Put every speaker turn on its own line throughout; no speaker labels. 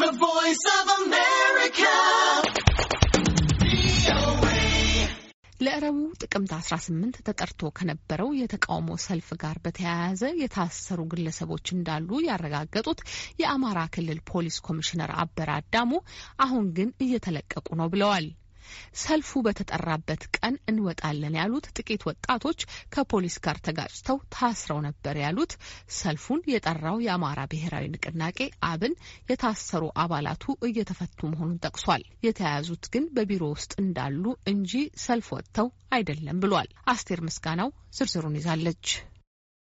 The Voice of America.
ለረቡ ጥቅምት 18 ተጠርቶ ከነበረው የተቃውሞ ሰልፍ ጋር በተያያዘ የታሰሩ ግለሰቦች እንዳሉ ያረጋገጡት የአማራ ክልል ፖሊስ ኮሚሽነር አበረ አዳሙ አሁን ግን እየተለቀቁ ነው ብለዋል። ሰልፉ በተጠራበት ቀን እንወጣለን ያሉት ጥቂት ወጣቶች ከፖሊስ ጋር ተጋጭተው ታስረው ነበር ያሉት ሰልፉን የጠራው የአማራ ብሔራዊ ንቅናቄ አብን የታሰሩ አባላቱ እየተፈቱ መሆኑን ጠቅሷል። የተያያዙት ግን በቢሮ ውስጥ እንዳሉ እንጂ ሰልፍ ወጥተው አይደለም ብሏል። አስቴር ምስጋናው ዝርዝሩን ይዛለች።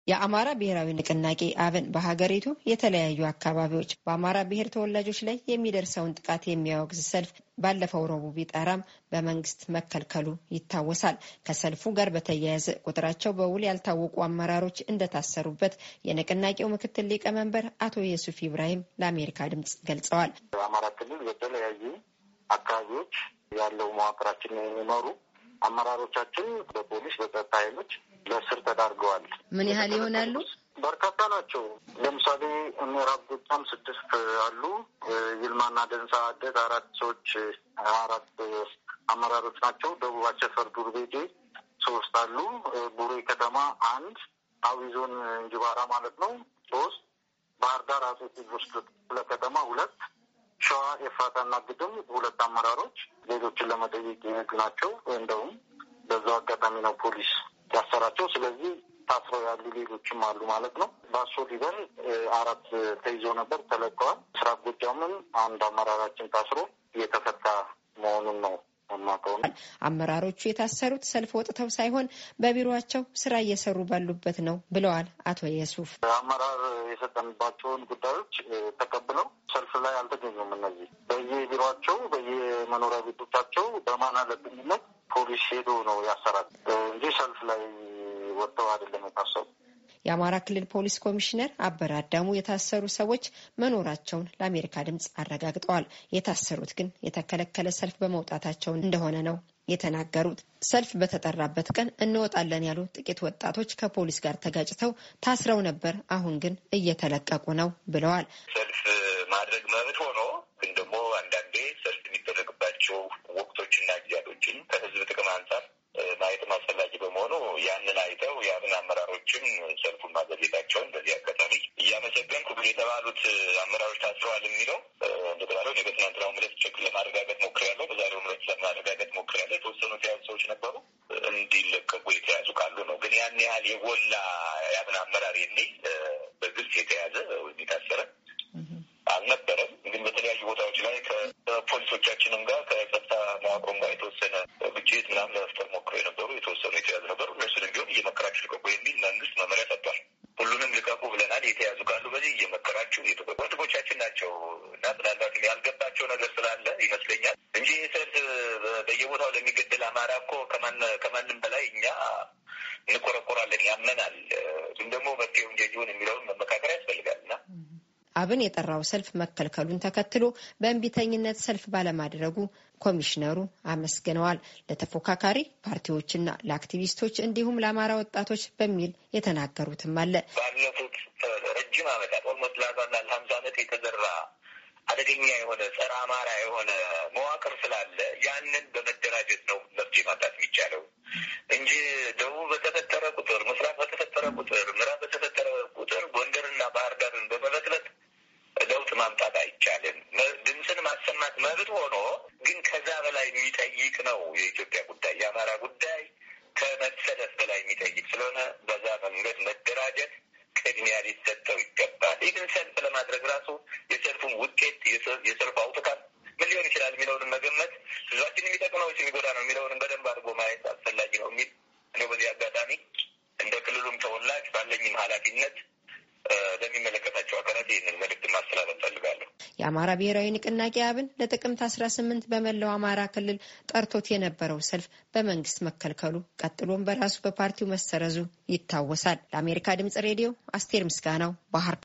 የአማራ ብሔራዊ ንቅናቄ አብን በሀገሪቱ የተለያዩ አካባቢዎች በአማራ ብሔር ተወላጆች ላይ የሚደርሰውን ጥቃት የሚያወግዝ ሰልፍ ባለፈው ረቡዕ ቢጠራም በመንግስት መከልከሉ ይታወሳል። ከሰልፉ ጋር በተያያዘ ቁጥራቸው በውል ያልታወቁ አመራሮች እንደታሰሩበት የንቅናቄው ምክትል ሊቀመንበር አቶ የሱፍ ኢብራሂም ለአሜሪካ ድምጽ ገልጸዋል።
በአማራ ክልል በተለያዩ አካባቢዎች ያለው መዋቅራችን የሚኖሩ አመራሮቻችን በፖሊስ በጸጥታ ኃይሎች ለስር ተዳርገዋል።
ምን ያህል ይሆናሉ?
በርካታ ናቸው። ለምሳሌ ምዕራብ ጎጃም ስድስት አሉ። ይልማና ደንሳ አደት አራት ሰዎች አራት አመራሮች ናቸው። ደቡብ አቸፈር ዱርቤቴ ሶስት አሉ። ቡሬ ከተማ አንድ፣ አዊ ዞን እንጅባራ ማለት ነው ሶስት፣ ባህር ዳር አጼ ቴዎድሮስ ክፍለ ከተማ ሁለት፣ ሸዋ ኤፍራታና ግድም ሁለት አመራሮች ሌሎችን ለመጠየቅ ይነግ ናቸው። እንደውም በዛው አጋጣሚ ነው ፖሊስ ናቸው። ስለዚህ ታስረው ያሉ ሌሎችም አሉ ማለት ነው። ባሶ ሊበን አራት ተይዞ ነበር፣ ተለቀዋል። ስራ ጎጃምን አንድ አመራራችን ታስሮ እየተፈታ መሆኑን ነው
አመራሮቹ የታሰሩት ሰልፍ ወጥተው ሳይሆን በቢሮቸው ስራ እየሰሩ ባሉበት ነው ብለዋል አቶ የሱፍ።
አመራር የሰጠንባቸውን ጉዳዮች ተቀብለው ሰልፍ ላይ አልተገኙም። እነዚህ በየቢሮቸው በየመኖሪያ ቤቶቻቸው በማን አለብኝነት ፖሊስ ሄዶ ነው ያሰራል እንጂ ሰልፍ ላይ ወጥተው አይደለም የታሰሩ።
የአማራ ክልል ፖሊስ ኮሚሽነር አበረ አዳሙ የታሰሩ ሰዎች መኖራቸውን ለአሜሪካ ድምፅ አረጋግጠዋል። የታሰሩት ግን የተከለከለ ሰልፍ በመውጣታቸው እንደሆነ ነው የተናገሩት። ሰልፍ በተጠራበት ቀን እንወጣለን ያሉ ጥቂት ወጣቶች ከፖሊስ ጋር ተጋጭተው ታስረው ነበር፣ አሁን ግን እየተለቀቁ ነው ብለዋል። ሰልፍ
ማድረግ መብት ሆኖ ግን ደግሞ አንዳንዴ ሰልፍ የሚደረግባቸው ወቅቶችና ጊዜያቶችን ከህዝብ ጥቅም አንጻር ያንን አይተው የአብን አመራሮችም ሰልፉን ማዘግየታቸውን በዚህ አጋጣሚ እያመሰገንኩ ግን የተባሉት አመራሮች ታስረዋል የሚለው እንደተባለው እኔ በትናንትናው ምለት ችግር ለማረጋገጥ ሞክሬያለሁ። በዛሬው ምለት ለማረጋገጥ ሞክሬያለሁ። የተወሰኑ የተያዙ ሰዎች ነበሩ እንዲለቀቁ የተያዙ ካሉ ነው። ግን ያን ያህል የጎላ የአብን አመራር የሚል በግልጽ የተያዘ ወይም የታሰረ አልነበረም። ግን በተለያዩ ቦታዎች ላይ ከፖሊሶቻችንም ጋር ከጸጥታ መዋቅሮም ጋር የተወሰነ ግጭት ምናምን ለመፍጠር እየመከራችሁ ልቀቁ የሚል መንግስት መመሪያ ሰጥቷል። ሁሉንም ልቀቁ ብለናል። የተያዙ ካሉ በዚህ እየመከራችሁ የተቀቁ ወንድሞቻችን ናቸው እና ምናልባትም ያልገባቸው ነገር ስላለ ይመስለኛል እንጂ ይሰት በየቦታው ለሚገደል አማራ እኮ ከማንም በላይ እኛ እንቆረቆራለን፣ ያመናል። ግን ደግሞ መፍትሄውን ጀጅውን የሚለውን መመካከር ያስፈልጋል እና
አብን የጠራው ሰልፍ መከልከሉን ተከትሎ በእንቢተኝነት ሰልፍ ባለማድረጉ ኮሚሽነሩ አመስግነዋል። ለተፎካካሪ ፓርቲዎችና ለአክቲቪስቶች እንዲሁም ለአማራ ወጣቶች በሚል የተናገሩትም አለ።
ባለፉት ረጅም ዓመታት ኦልሞስት ለአርባ ለአንድ ዓመት የተዘራ አደገኛ የሆነ ጸረ አማራ የሆነ መዋቅር ስላለ ያንን በመደራጀት ነው መፍትሄ ማጣት የሚቻል የማልማት መብት ሆኖ ግን ከዛ በላይ የሚጠይቅ ነው የኢትዮጵያ ጉዳይ የአማራ ጉዳይ ከመሰለፍ በላይ የሚጠይቅ ስለሆነ በዛ መንገድ መደራጀት ቅድሚያ ሊሰጠው ይገባል። ይህን ሰልፍ ለማድረግ ራሱ የሰልፉን ውጤት የሰልፉ አውትካም ምን ሊሆን ይችላል የሚለውንም መገመት ህዝባችን የሚጠቅመው የሚጎዳ ነው የሚለውንም በደንብ አድርጎ ማየት አስፈላጊ ነው የሚል እኔ በዚህ አጋጣሚ እንደ ክልሉም ተወላጅ ባለኝም ኃላፊነት ለሚመለከታቸው
አካላት ይህንን መልዕክት ማስተላለፍ ፈልጋለሁ። የአማራ ብሔራዊ ንቅናቄ አብን ለጥቅምት 18 በመላው አማራ ክልል ጠርቶት የነበረው ሰልፍ በመንግስት መከልከሉ ቀጥሎም በራሱ በፓርቲው መሰረዙ ይታወሳል። ለአሜሪካ ድምጽ ሬዲዮ አስቴር ምስጋናው ባህር